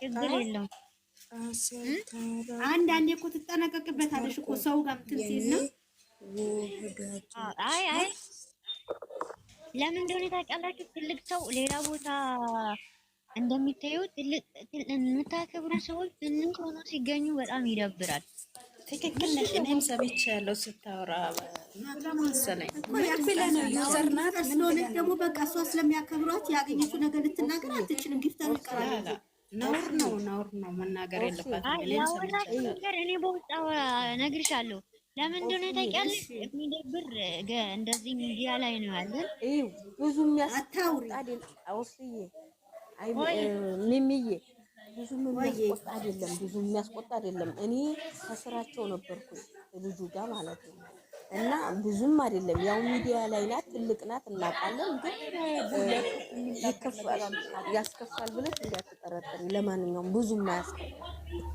ችግር የለውም። አንዳንዴ እኮ ትጠነቀቅበታለሽ እኮ ሰው ጋር እንትን ሲል ነው። አይ አይ ለምን እንደሆነ ታውቃላችሁ? ትልቅ ሰው ሌላ ቦታ እንደሚታየው ትልቅ የምታከብሩ ሰዎች ትንሽ ሆኖ ሲገኙ በጣም ይደብራል። ትክክል ነሽ። እኔም ሰምቻለሁ ስታወራ መሰለኝ ደግሞ በቃ እሷ ስለሚያከብሯት ያገኘችው ነገር ልትናገር አትችልም። ጊፍት አንቀራለን ነውር ነው፣ ነውር ነው። መናገር የለባትም እኔ በውስጥ ነግርሻለሁ። ለምን እንደሆነ ታውቂያለሽ? የሚደብር እንደዚህ ሚዲያ ላይ ነው ያለን። ብዙ ሚሚዬ፣ ብዙ የሚያስቆጣ አይደለም፣ ብዙ የሚያስቆጣ አይደለም። እኔ ከስራቸው ነበርኩኝ ልጁ ጋር ማለት ነው እና ብዙም አይደለም ያው ሚዲያ ላይ ናት፣ ትልቅ ናት፣ እናውቃለን። ግን ይከፋል፣ ያስከፋል ብለሽ እንዳትጠረጠሪ። ለማንኛውም ብዙም አያስከፋል።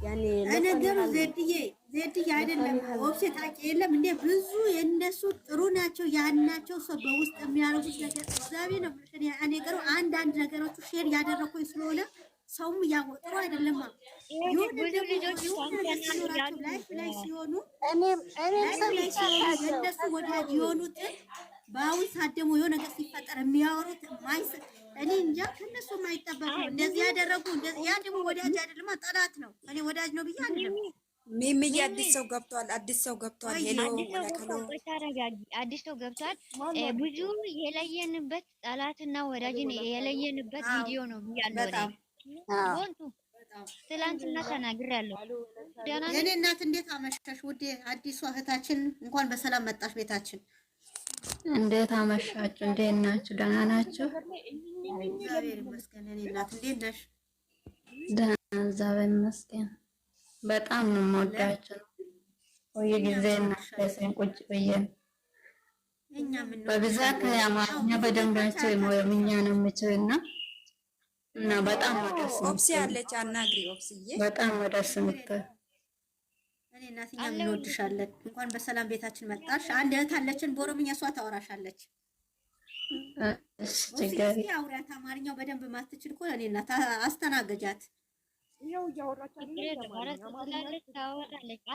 ያኔ ነገሩ ዘድዬ ዘድዬ አይደለም ኦብሴ ታውቂ የለም እንዴ ብዙ የእነሱ ጥሩ ናቸው ያናቸው ሰው በውስጥ የሚያደርጉት ነገር ዛቤ ነው። ምክንያ ነገሩ አንዳንድ ነገሮቹ ሼር ያደረኩኝ ስለሆነ ሰውም እያወጥሩ አይደለም። ብዙ ልጆች ላይ ወዳጅ የሆኑትን በአሁን ሰዓት ደግሞ የሆነ ነገር ሲፈጠር የሚያወሩት ማይስ እኔ እንጃ ከነሱ የማይጠበቅ እንደዚህ ያደረጉ ያ ደግሞ ወዳጅ አይደለም፣ ጠላት ነው። እኔ ወዳጅ ነው ብዬ አይደለም። ሚሚዬ አዲስ ሰው ገብቷል። አዲስ ሰው ገብቷል። አዲስ ሰው ገብቷል። ብዙ የለየንበት ጠላትና ወዳጅን የለየንበት ቪዲዮ ነው ብያለሁ። ትላንትና ተናግሬያለሁ። እናት እንዴት አመሻሽ ውዴ። አዲሷ እህታችን እንኳን በሰላም መጣሽ ቤታችን። እንዴት አመሻችሁ? እንዴት ናችሁ? ደህና ናችሁ? እግዚአብሔር ይመስገን። በጣም ነው የምወዳችሁ። ጊዜ ቁጭ በብዛት አማርኛ በደንብ ናቸው ነው እና በጣም ወዳስ ኦፕሲ አለች። አናግሪ ኦፕሲዬ፣ በጣም ወዳስ ምትል እኔ እናትኛ እንወድሻለን። እንኳን በሰላም ቤታችን መጣሽ። አንድ እህት አለችን በኦሮምኛ እሷ ታወራሻለች። አውሪያት አማርኛው በደንብ ማትችል እኮ እኔ እናት አስተናገጃት። ይኸው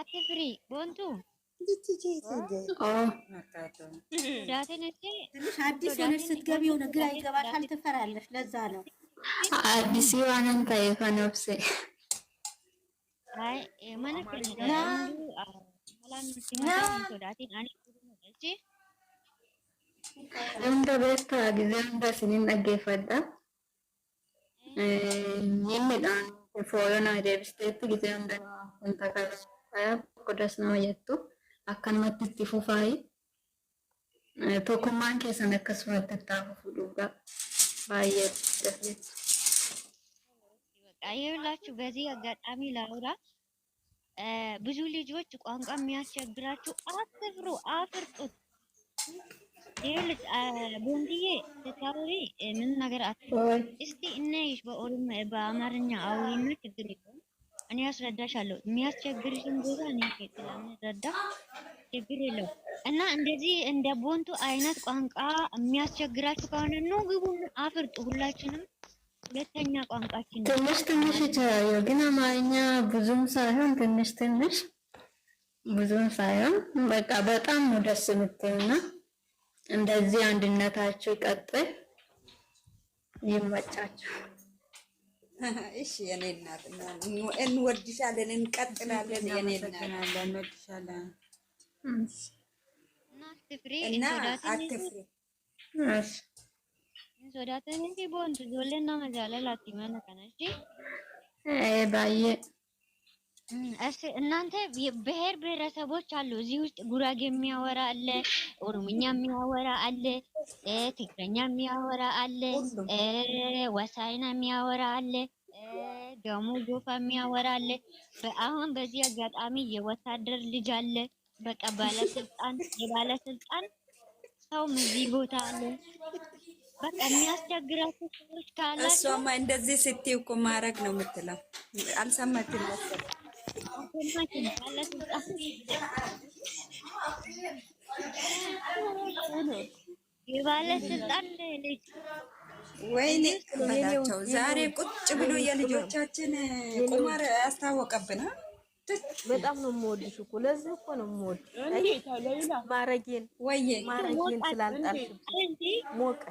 አትፍሪ ቦንቱ ትንሽ አዲስ ሆነች ስትገቢ የሆነ ግራ ይገባሻል፣ ትፈራለሽ። ለዛ ነው Addisii waanan ta'e kan obse. Mana hunda beektaa gisee hunda isiniin dhaggeeffadha. Inni midhaan fooyyoo nama deebisteetti gisee hunda kun takka qodas nama jettu akkanumatti itti fufaayi. Tokkummaan keessan akkasumatti itti taafu fudhuudha. በአየር ደፍነት ይኸውላችሁ በዚህ አጋጣሚ ላውራ ብዙ ልጆች ቋንቋ የሚያስቸግራችሁ አትፍሩ፣ አፍርጡት። ይኸውልሽ ቦንድዬ ስታወሪ ምን ነገር አትፍሪ። እስቲ እናይሽ በኦሮሞ በአማርኛ አውሪና ችግር የለውም እኔ አስረዳሻለሁ። የሚያስቸግርሽን ቦታ እኔ ችግር የለው እና እንደዚህ እንደ ቦንቱ አይነት ቋንቋ የሚያስቸግራችሁ ከሆነ ነው ግቡን አፍርጡ። ሁላችንም ሁለተኛ ቋንቋችን ትንሽ ትንሽ ይቻላል፣ ግን አማርኛ ብዙም ሳይሆን ትንሽ ትንሽ ብዙም ሳይሆን በቃ በጣም ነው ደስ የምትልና እንደዚህ አንድነታችሁ ይቀጥል። ይመቻችሁ። እሺ የኔ እናት እንወድሻለን፣ እንቀጥላለን። የኔ እናት እና አትፍሪ። ሶዳተን እሺ እናንተ ብሔር ብሔረሰቦች አሉ። እዚህ ውስጥ ጉራጌ የሚያወራ አለ፣ ኦሮምኛ የሚያወራ አለ፣ ትግረኛ የሚያወራ አለ፣ ወሳይና የሚያወራ አለ፣ ደግሞ ጎፋ የሚያወራ አለ። አሁን በዚህ አጋጣሚ የወታደር ልጅ አለ፣ በቃ ባለስልጣን፣ የባለስልጣን ሰውም እዚህ ቦታ አለ። በቃ የሚያስቸግራቸው ሰዎች ካላቸው እሷማ እንደዚህ ስትይ እኮ ማድረግ ነው የምትለው አልሰማችም መሰለኝ የባለስልጣን ልጅ ወይኔ በላቸው ዛሬ ቁጭ ብሎ የልጆቻችን ቁማር ያስታወቀብን። በጣም ነው የምወድሽ እኮ ለዚህ እኮ ነው የምወድሽ። ማረጌን ወይዬ ማረጌን ስላልጣልሽ ሞቀ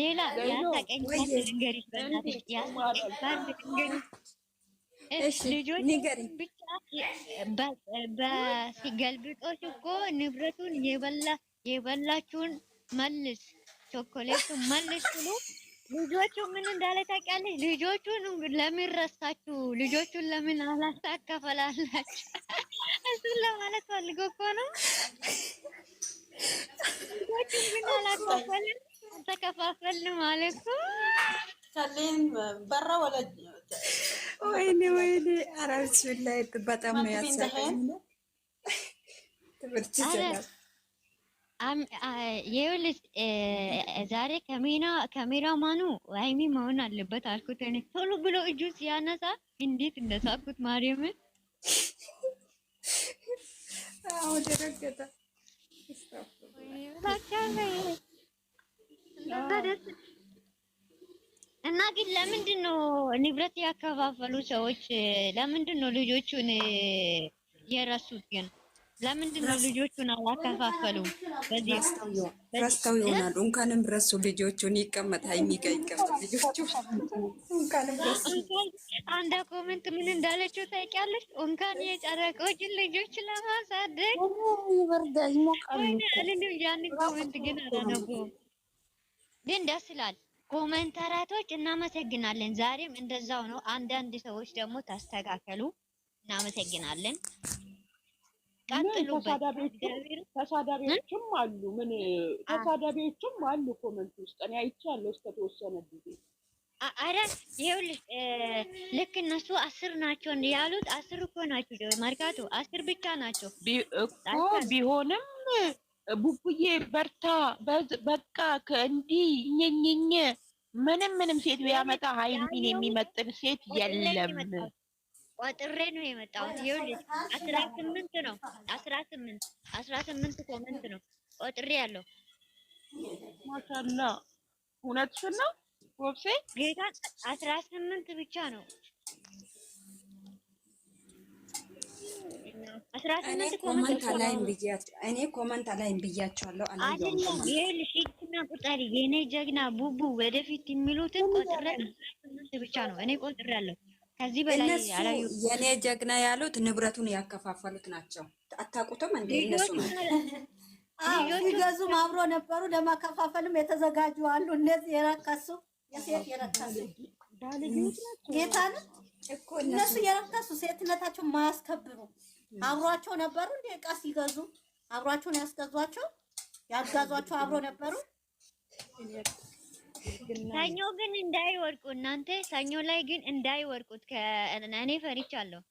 ሌላ ልጆች ብቻ ሲገልብጦች እኮ ንብረቱን የበላችሁን መልስ፣ ቾኮሌቱን መልስ ብሎ ልጆቹ ምን እንዳለ ታውቂያለሽ? ልጆቹን ለምን ረሳችሁ? ልጆቹን ለምን አላስታከፈላላችሁ? እሱን ለማለት ፈልጎ እኮ ነው። ልጆቹን ግን አላከፈልን ተከፋፈልን ማለት እኮ ወይኔ ወይኔ፣ ኧረ ብስሚላህ በጣም ነው ያሳቀኝ። ትምህርት ይጀምራል። ይኸውልሽ ዛሬ ካሜራማኑ ሀይሚ መሆን አለበት አልኩት። እኔ ቶሎ ብሎ እጁ ሲያነሳ እንዴት እንደሳኩት ማርያምን። ደረገጠ። እና ግን ለምንድን ነው ንብረት ያከፋፈሉ ሰዎች ለምንድን ነው ልጆቹን የረሱት? ግን ለምንድን ነው ልጆቹን አላከፋፈሉ? ረስተው ይሆናሉ። እንኳንም ረሱ። ልጆቹን ይቀመጣ የሚገኝ ይቀመጥ ልጆቹ። አንድ ኮሜንት ምን እንዳለችው ታውቂያለሽ? እንኳን የጨረቆች ልጆች ለማሳደግ ይበርዳል፣ ይሞቃል። ያንን ኮሜንት ግን አላነበውም፣ ግን ደስ ይላል። ኮመንተራቶች እናመሰግናለን። ዛሬም እንደዛው ነው። አንዳንድ ሰዎች ደግሞ ታስተካከሉ። እናመሰግናለን። ተሳዳቢዎችም አሉ፣ ምን ተሳዳቢዎችም አሉ ኮመንት ውስጥ እኔ አይቻለሁ እስከተወሰነ ጊዜ አረ ይኸውልህ ልክ እነሱ አስር ናቸው ያሉት አስር እኮ ናቸው። መርካቶ አስር ብቻ ናቸው እኮ ቢሆንም ቡቡዬ በርታ፣ በቃ ከእንዲህ ኘኘኘ ምንም ምንም ሴት ቢያመጣ ሀይሚን የሚመጥን ሴት የለም። ቋጥሬ ነው የመጣሁት። ይኸውልሽ አስራ ስምንት ነው አስራ ስምንት አስራ ስምንት ኮመንት ነው ቋጥሬ ያለው ማሻላ እውነትሽን ነው ወብሴ ጌታ አስራ ስምንት ብቻ ነው እኔ ኮመንት አላይም ብያቸዋለሁ። አይደለም ይኸውልሽ፣ ይህቺና ቁጠሪ የእኔ ጀግና ቡቡ ወደፊት የሚሉትን ቆጥሬ ብቻ ነው እኔ ቆጥሬያለሁ። ከዚህ በላይ አላየሁም። የእኔ ጀግና ያሉት ንብረቱን ያከፋፈሉት ናቸው። አታውቁትም እንደ እነሱ ሲገዙም አብሮ ነበሩ። ለማከፋፈልም የተዘጋጁ አሉ። እነዚህ የረከሱ የሴት የረከሱ ጌታን እነሱ የረከሱ ሴትነታቸው ማያስከብሩ አብሯቸው ነበሩ እንዴ? እቃ ሲገዙ አብሯቸውን ያስገዟቸው ያጋዟቸው አብሮ ነበሩ። ሰኞ ግን እንዳይወድቁ እናንተ ሰኞ ላይ ግን እንዳይወድቁት እኔ ፈሪቻለሁ።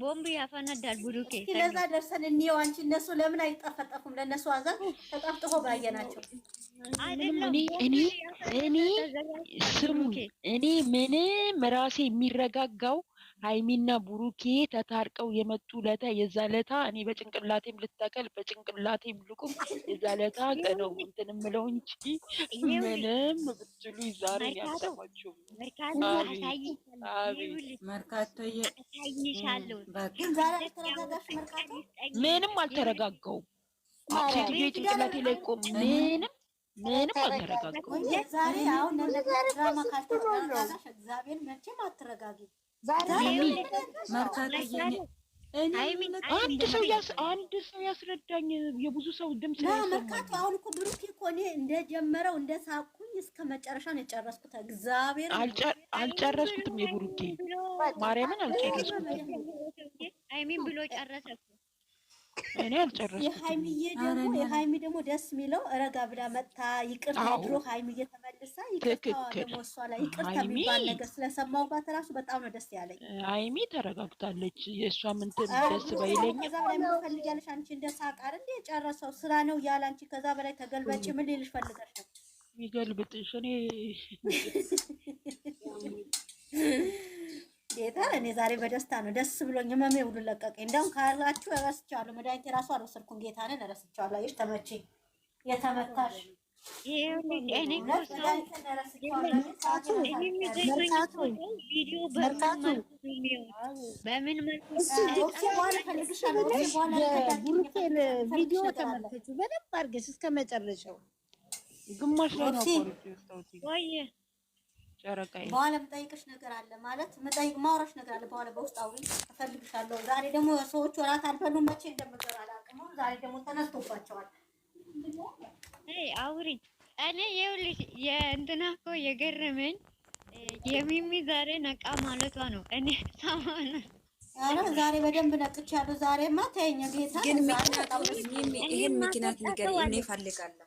ቦምብ ያፈነዳል ቡዱኬ። ስለዛ ደርሰን እንየው። አንቺ እነሱ ለምን አይጠፈጠፉም? ለእነሱ አዛ ተጠፍጥፎ ባየናቸው እኔ ስሙ እኔ ምንም ራሴ የሚረጋጋው ሀይሚና ቡሩኬ ተታርቀው የመጡ ለታ የዛ ለታ እኔ በጭንቅላቴም ልተከል በጭንቅላቴም ልቁም የዛ ለታ ቀነው እንትን ምለው እንጂ ምንም ብትሉ ዛሬ ያልሰማችሁም። ምንም አልተረጋጋውም። ሴትዮ ጭንቅላቴ ላይ ቆም ምንም ምንም አልተረጋጋውም። ዛሬ አሁን ድራማ ካልተረጋጋሽ እግዚአብሔር መቼም አትረጋጊም። አንድ ሰው አንድ ሰው ያስረዳኝ። የብዙ ሰው ድምፅ መርካቶ። አሁን እኮ ብሩክ እኮ እኔ እንደጀመረው እንደሳቁኝ እስከ መጨረሻ ነው የጨረስኩት። እግዚአብሔር አልጨረስኩትም። የብሩኬ ማርያምን አልጨረስኩትም። አይሚን ብሎ ጨረሰ። እኔ አልጨረስኩም። የሀይሚ ደግሞ ደስ የሚለው ረጋ ብላ መጣ። ይቅርታ ድሮ ሀይሚ እየተመልሳ ይቅርታ ደግሞ ላይ ይቅርታ የሚባል ነገር ስለሰማው እራሱ በጣም ነው ደስ ያለኝ። ሀይሚ ተረጋግታለች። የእሷ ምንትን ደስ ባይለኝ ከዛ በላይ ምን ፈልጊያለሽ አንቺ? እንደ ሳቃር እንደ የጨረሰው ስራ ነው ያለ አንቺ ከዛ በላይ ተገልበጭ ምን ልልሽ ፈልገሽ ነው የሚገልብጥሽ እኔ ጌታ እኔ ዛሬ በደስታ ነው፣ ደስ ብሎኝ ህመሜ ሁሉ ለቀቀኝ። እንደውም ካላችሁ እረስቸዋለሁ፣ መድኃኒት የራሱ አልወሰድኩም። ነን እረስቸዋለሁ። አየሽ ተመቼ የተመታሽ ቪዲዮ ተመልከች በደንብ አድርገሽ እስከ መጨረሻው ግማሽ ነው ጨረቃዬ በኋላ የምጠይቅሽ ነገር አለ ማለት የምጠይቅ ማውራሽ ነገር አለ። በኋላ በውስጥ አውሪኝ፣ እፈልግሻለሁ። ዛሬ ደግሞ ሰዎች ወራት አልበሉም፣ መቼ እንደምገባ አላውቅም። ዛሬ ደግሞ ተነስቶባቸዋል። አውሪኝ። እኔ ይኸውልሽ የእንትና እኮ የገረመኝ የሚሚ ዛሬ ነቃ ማለቷ ነው። እኔ ሳማነ አረ ዛሬ በደንብ ነቅቻለሁ። ዛሬማ ተይኝ ጌታ። ግን ምክንያት ምክንያት ንገሪኝ፣ እኔ እፈልጋለሁ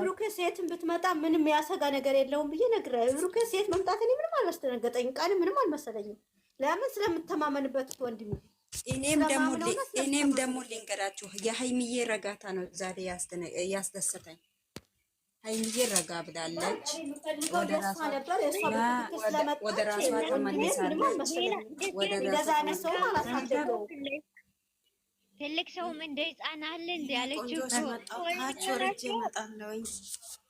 ብሩኬ ሴትን ብትመጣ ምንም ያሰጋ ነገር የለውም ብዬ ነግረ ብሩኬ ሴት መምጣት እኔ ምንም አላስደነገጠኝም። ቃል ምንም አልመሰለኝም። ለምን ስለምተማመንበት ወንድሜ። እኔም ደግሞ ልንገራችሁ የሀይሚዬ ረጋታ ነው ዛሬ ያስደሰተኝ። ሀይሚዬ ረጋ ብላለች፣ ወደ ራሷ ተመልሳለች። ትልቅ ሰውም እንደ ህፃን አለ እንደ ያለችው ታች ወርጄ እመጣለሁ።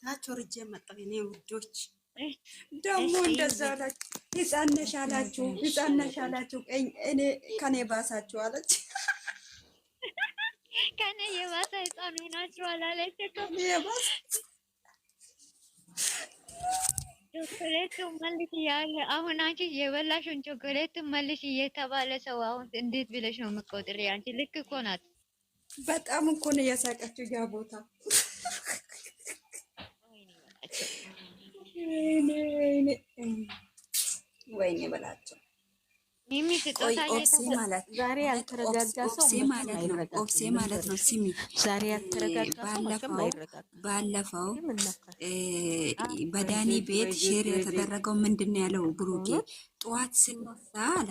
ታች እኔ ውዶች ደግሞ እንደዛ አላችሁ። ህፃን ነሽ አላችሁ፣ ህፃን ነሽ አላችሁ። እኔ ከኔ ባሳችሁ አለች። ከኔ የባሰ ህፃን ሆናችሁ አላለች የባሰ ቾኮሌት መልሽ እያለ አሁን አንቺ የበላሽውን ቾኮሌት መልሽ እየተባለ ሰው አሁን እንዴት ብለሽ ነው የምትቆጥሪ? አንቺ ልክ እኮ ናት። በጣም እኮ ነው እያሳቀችው ያ ቦታ ወይኔ በላቸው ዛሬ ኦብሴ ማለት ነው። ሲሚ ዛሬ ባለፈው በዳኒ ቤት ሼር የተደረገው ምንድን ነው ያለው? ብሩጌ ጠዋት ስንሳ አለ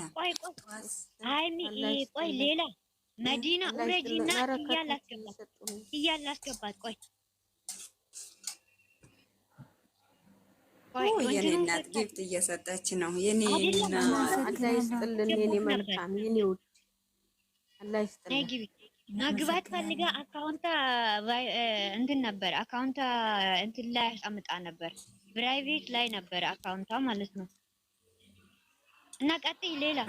ቆይ ሌላ መዲና እያላስገባት ቆይ የኔ እናት ጊፍት እየሰጠች ነው። የኔ አላህ ይስጥልን። የኔ መልካም የኔ ውድ አላህ ይስጥልን። ፈልጋ አካውንታ እንትን ነበር አካውንታ እንትን ላይ አስቀምጣ ነበር፣ ፕራይቬት ላይ ነበር አካውንታ ማለት ነው። እና ቀጥይ ሌላ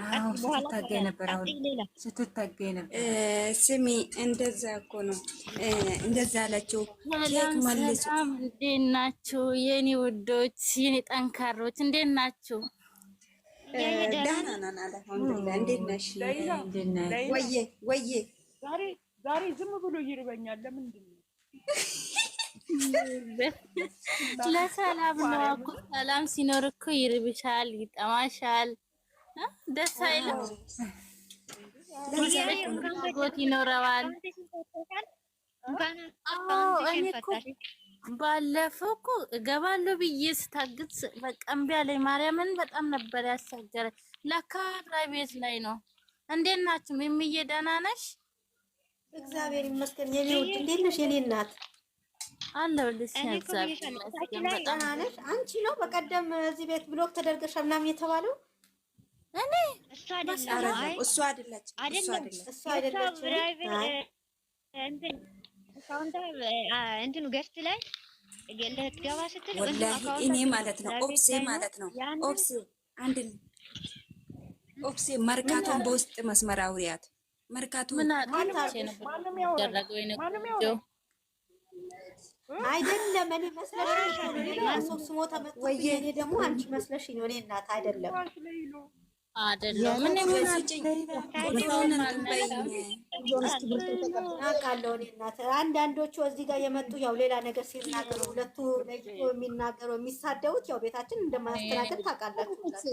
ስትታገይ ነበር። ስሚ እንደዛ እኮ ነው። እንደዛ አላችሁ መልሱም። እንዴት ናችሁ የኔ ውዶች፣ የኔ ጠንካሮች? እንዴት ናችሁ? ደህና ዛሬ ዝም ብሎ ይርበኛል። ለምንድን ነው? ለሰላም ነው እኮ። ሰላም ሲኖር እኮ ይርብሻል፣ ይጠማሻል ደስ አይልም። ጎት ይኖረዋል። ባለፈው እኮ እገባለሁ ብዬ ስታግዝ በቃ እምቢ አለኝ። ማርያምን በጣም ነበር ያሳገረ። ለካ ፕራይቬት ላይ ነው። እንዴት ናችሁ? የሚዬ ደህና ነሽ? እግዚአብሔር ይመስገን። የኔ ውድ እንዴት ነሽ? የኔ እናት አለሁልሽ። ነሽ። አንቺ ነው በቀደም እዚህ ቤት ብሎክ ተደርገሻል ምናምን የተባለው እኔ እሱ አይደለም እሱ አይደለችም እንትኑ ገስት ላይ ልትገባ ስትል ወላሂ እኔ ማለት ነው ኦፕሴ ማለት ነው ኦፕሴ አንድ ኦፕሴ መርካቶን በውስጥ መስመር አውሪያት መርካቶ አይደለም እኔ መስለሽኝ፣ እኔ ደግሞ አንቺ መስለሽኝ፣ እኔ እናት አይደለም አውቃለሁ እኔ እናት አንዳንዶቹ እዚህ ጋር የመጡ ያው ሌላ ነገር ሲናገሩ ሁለቱ የሚናገሩ የሚሳደቡት ያው ቤታችን እንደማያስተናግድ ታውቃላችሁ።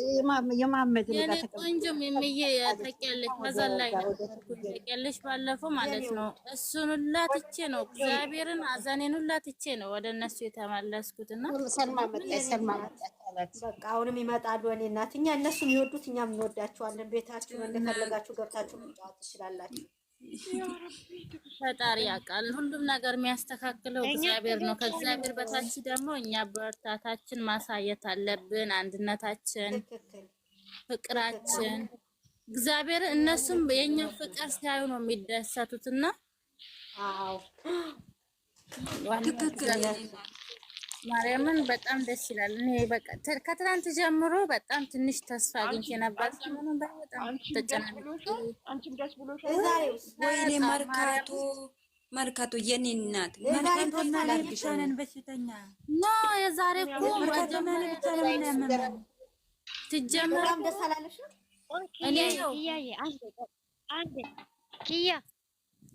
ቆንጆም የሚዬ ታውቂያለሽ፣ በዛላይ ታውቂያለሽ። ባለፈው ማለት ነው እሱን ሁላ ትቼ ነው እግዚአብሔርን አዛኔን ሁላ ትቼ ነው ወደ እነሱ የተመለስኩት እና በቃ አሁንም ይመጣሉ። እኔ እናት እኛ እነሱ የሚወዱት እኛም እንወዳችኋለን። ቤታችሁን እንደፈለጋችሁ ገብታችሁ መጫወት ትችላላችሁ። ፈጣሪ ያውቃል። ሁሉም ነገር የሚያስተካክለው እግዚአብሔር ነው። ከእግዚአብሔር በታች ደግሞ እኛ በርታታችን ማሳየት አለብን። አንድነታችን፣ ፍቅራችን እግዚአብሔር እነሱም የኛ ፍቅር ሲያዩ ነው የሚደሰቱትና ማርያምን በጣም ደስ ይላል። እኔ በቃ ከትናንት ጀምሮ በጣም ትንሽ ተስፋ አግኝቼ ነበር። ወይኔ መርካቶ መርካቶ የኔ እናት በሽተኛ ኖ የዛሬ እኮ ደስ አላለሽ እኔ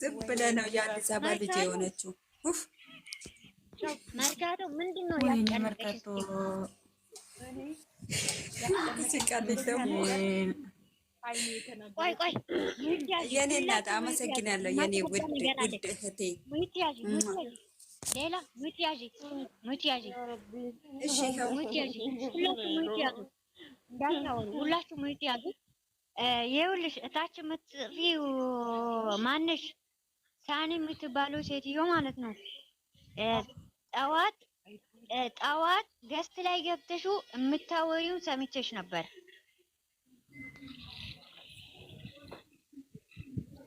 ዝም ብለህ ነው የአዲስ አበባ ልጅ የሆነችው። መርካቶ ምንድን ነው መርካቶ? የኔ እናት አመሰግናለሁ የኔ ውድ ውድ እህቴ ሌላ ሙት ያዢ ሙት ያዢ ሙት ያዢ ሁላችሁ ሙት ያዙ፣ እንዳታወሩ ሁላችሁ ሙት ያዙ። ይኸውልሽ እታች የምትጽፊው ማንሽ ሳኒ የምትባለው ሴትዮ ማለት ነው። ጠዋት ጠዋት ገስት ላይ ገብተሹ የምታወሪውን ሰምቼሽ ነበር።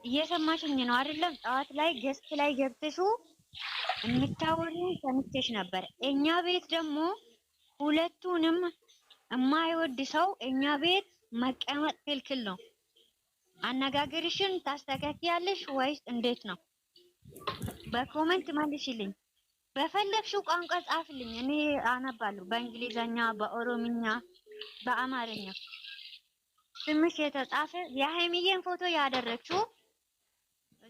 እየሰማሽኝ ነው አይደለም? ጠዋት ላይ ገስት ላይ የምታወሪ ሰምቼሽ ነበር። እኛ ቤት ደግሞ ሁለቱንም የማይወድ ሰው እኛ ቤት መቀመጥ ክልክል ነው። አነጋገርሽን ታስተካክያለሽ ወይስ እንዴት ነው? በኮመንት መልሽልኝ። በፈለግሽው ቋንቋ ጻፍልኝ፣ እኔ አነባለሁ። በእንግሊዘኛ፣ በኦሮምኛ፣ በአማርኛ ስምሽ የተጻፈ የሀይሚዬን ፎቶ ያደረግችው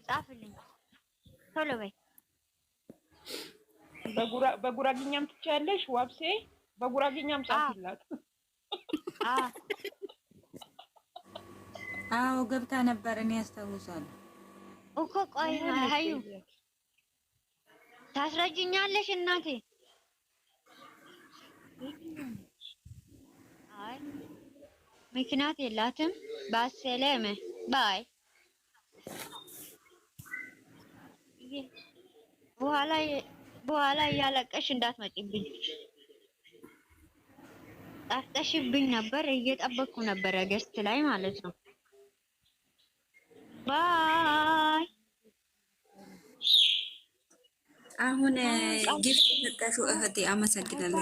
ጻፍልኝ ቶሎ በይ። በጉራግኛም ትቻለሽ ዋብሴ፣ በጉራግኛም ጻፊላት። አዎ ገብታ ነበር፣ እኔ አስታውሳለሁ እኮ። ቆይ ሀዩ ታስረጅኛለሽ እናቴ። አይ ምክንያት የላትም። ባሰለመ ባይ በኋላ በኋላ እያለቀሽ እንዳትመጪብኝ ጠፍተሽብኝ ነበር። እየጠበቅኩ ነበረ ገስት ላይ ማለት ነው። ባይ አሁን ጊፍት ተጠሹ እህቴ አመሰግናለሁ።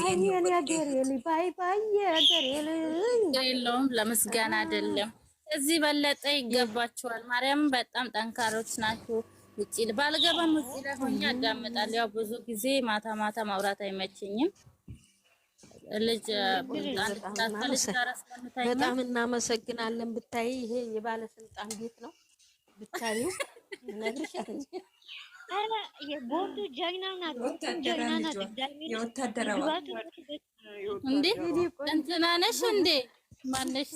ባይ ባይ የለውም ለምስጋና አይደለም። እዚህ በለጠ ይገባችኋል። ማርያም በጣም ጠንካሮች ናችሁ። ውጭ ባልገባም ውጭ ላይ ሆኜ አዳምጣለሁ። ያው ብዙ ጊዜ ማታ ማታ ማውራት አይመቸኝም። ልጅ በጣም እናመሰግናለን። ብታይ ይሄ የባለስልጣን ቤት ነው ብታዩ እነግርሻለሁ። ኧረ የቦርዱ ጀግና ናት፣ ጀግና ናት። እንዴ እንትና ነሽ እንዴ ማነሽ?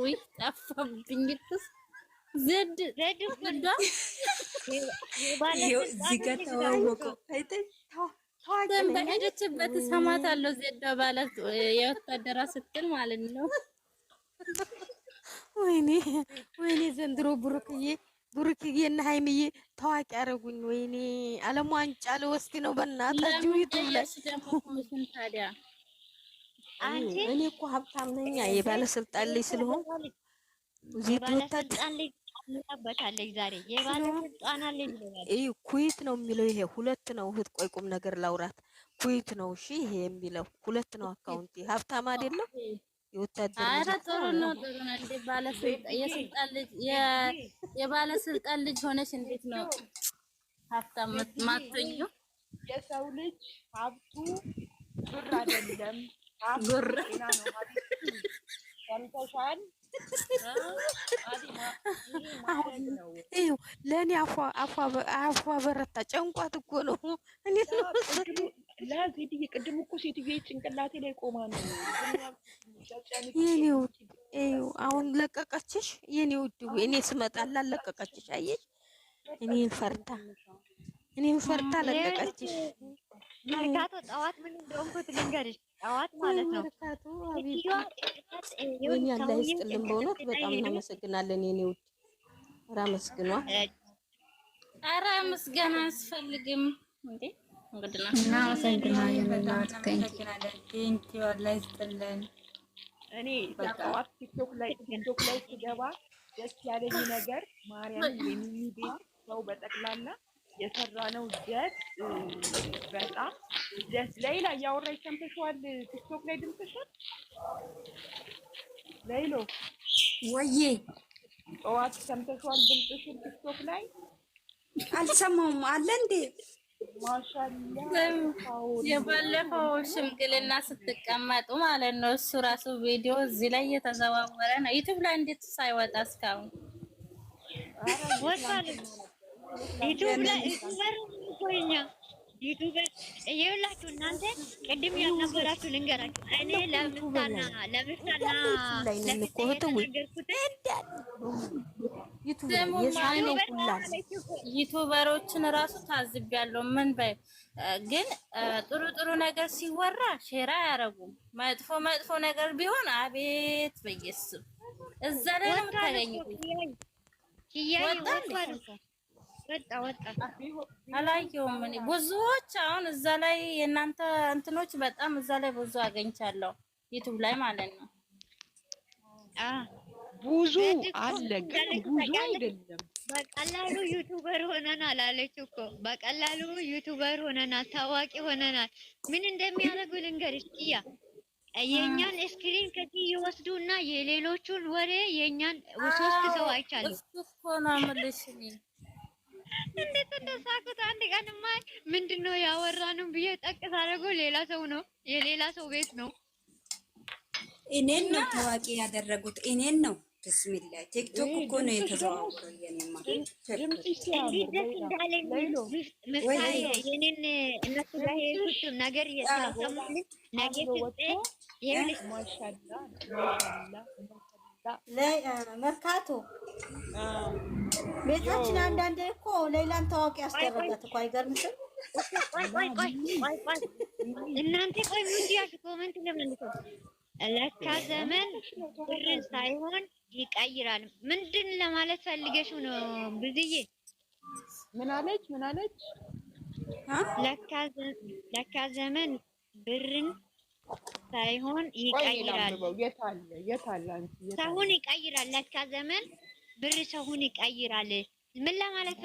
ውይ ጠፋብኝ ልትስ በሄደችበት እሰማታለሁ። ዜዳ ባላት የወታደራ ስትል ማለት ነው። ወይኔ ወይኔ፣ ዘንድሮ ብሩክዬ ብሩክዬ እና ሃይሚዬ ታዋቂ አደረጉኝ። ወይኔ ዓለም ዋንጫ ልወስድ ነው። በእናታችሁ እኔ እኮ ሀብታም ነኝ የባለስልጣን ልጅ ስለሆንኩ ዜድ ወታደር ትመጣበታለች ዛሬ ኩይት ነው የሚለው ይሄ ሁለት ነው። እህት ቆይ ቁም ነገር ላውራት። ኩይት ነው እሺ፣ ይሄ የሚለው ሁለት ነው። አካውንቲ ሀብታም አይደለም የወታደር ጥሩ ነው ጥሩ ነው። እንደ ልጅ የባለስልጣን ልጅ ሆነች። እንዴት ነው ሀብታም ማቶኙ? የሰው ልጅ ሀብቱ ብር አይደለም፣ ሀብቱ ጤና ነው። ይኸው ለእኔ አፏ በረታ። ጨንቋት እኮ ነው። ብዬ ቅድም እኮ ሴትዮ ጭንቅላቴ ላይ ቆማ ነው። አሁን ለቀቀችሽ የኔ ውድ። እኔ ስመጣ ላለቀቀችሽ። አየሽ፣ እኔን ፈርታ እኔን ፈርታ ለቀቀችሽ። መርካቶ ጠዋት ምን እንደሆንኩት ልንገርሽ። ጠዋት ማለት ነው ወይኔ አላህ ይስጥልን። በእውነት በጣም እናመሰግናለን የኔ ውድ። ኧረ አመስግኗ። ኧረ ምስጋና አያስፈልግም እንዴ ደስ ያለኝ ነገር ማርያም የሚሚዴ ሰው በጠቅላላ የሰራነው ጀት በጣም ጀት ሌላ እያወራ ይሰምተሽዋል። ቲክቶክ ላይ ድምፅሽን ሌሎ ወዬ ጠዋት ሰምተሽዋል ድምፅሽን ቲክቶክ ላይ አልሰማውም አለ እንዴ የባለፈው ሽምግልና ስትቀመጡ ማለት ነው። እሱ ራሱ ቪዲዮ እዚህ ላይ እየተዘዋወረ ነው። ዩቲዩብ ላይ እንዴት ሳይወጣ እስካሁን ዩቱብ ላይ ዩቱበር እናንተ ቅድም ያልነበራችሁ ልንገራችሁ። እኔ ለምሳና ዩቱበሮችን ራሱ ያለው ምን በይ ግን ጥሩ ጥሩ ነገር ሲወራ ሼራ አያረጉም። መጥፎ መጥፎ ነገር ቢሆን አቤት በየስም እዛ ላይ ነው የምታገኙት ወጣ ወጣ አላየሁም። እኔ ብዙዎች አሁን እዛ ላይ የእናንተ እንትኖች በጣም እዛ ላይ ብዙ አገኝቻለሁ፣ ዩቱብ ላይ ማለት ነው። ብዙ አለ ግን ብዙ አይደለም። በቀላሉ ዩቱበር ሆነናል አለች እኮ። በቀላሉ ዩቱበር ሆነናል፣ ታዋቂ ሆነናል። ምን እንደሚያደርጉ ልንገርሽ ያ የእኛን ስክሪን ከዚህ ይወስዱና የሌሎቹን ወሬ የእኛን ሶስት ሰው አይቻለሁ እኮ ነው የምልሽ እኔ እንዴት እንደሳኩት አንድ ቀን ቀንማ ምንድን ነው ያወራንም ብዬ ጠቅስ አደረገው። ሌላ ሰው ነው የሌላ ሰው ቤት ነው። እኔን ነው ታዋቂ ያደረጉት። እኔን ነው ብስሚላ። ቲክቶክ እኮ ነው የተዘዋወረ። የኔማ ነገር መርካቶ ቤታችን አንዳንዴ እኮ ሌላን ታዋቂ ያስደረጋት እኮ አይገርምሽም? እናንተ ቆይ ምን ኮመንት ለምንልኩ ለካ ዘመን ብርን ሳይሆን ይቀይራል። ምንድን ለማለት ፈልገሽው ነው ብዙዬ? ምን አለች? ምን አለች? ለካ ዘመን ብርን ሳይሆን ይቀይራል። ሰውን ይቀይራል። ለካ ዘመን ብር ሰውን ይቀይራል። ምን ለማለት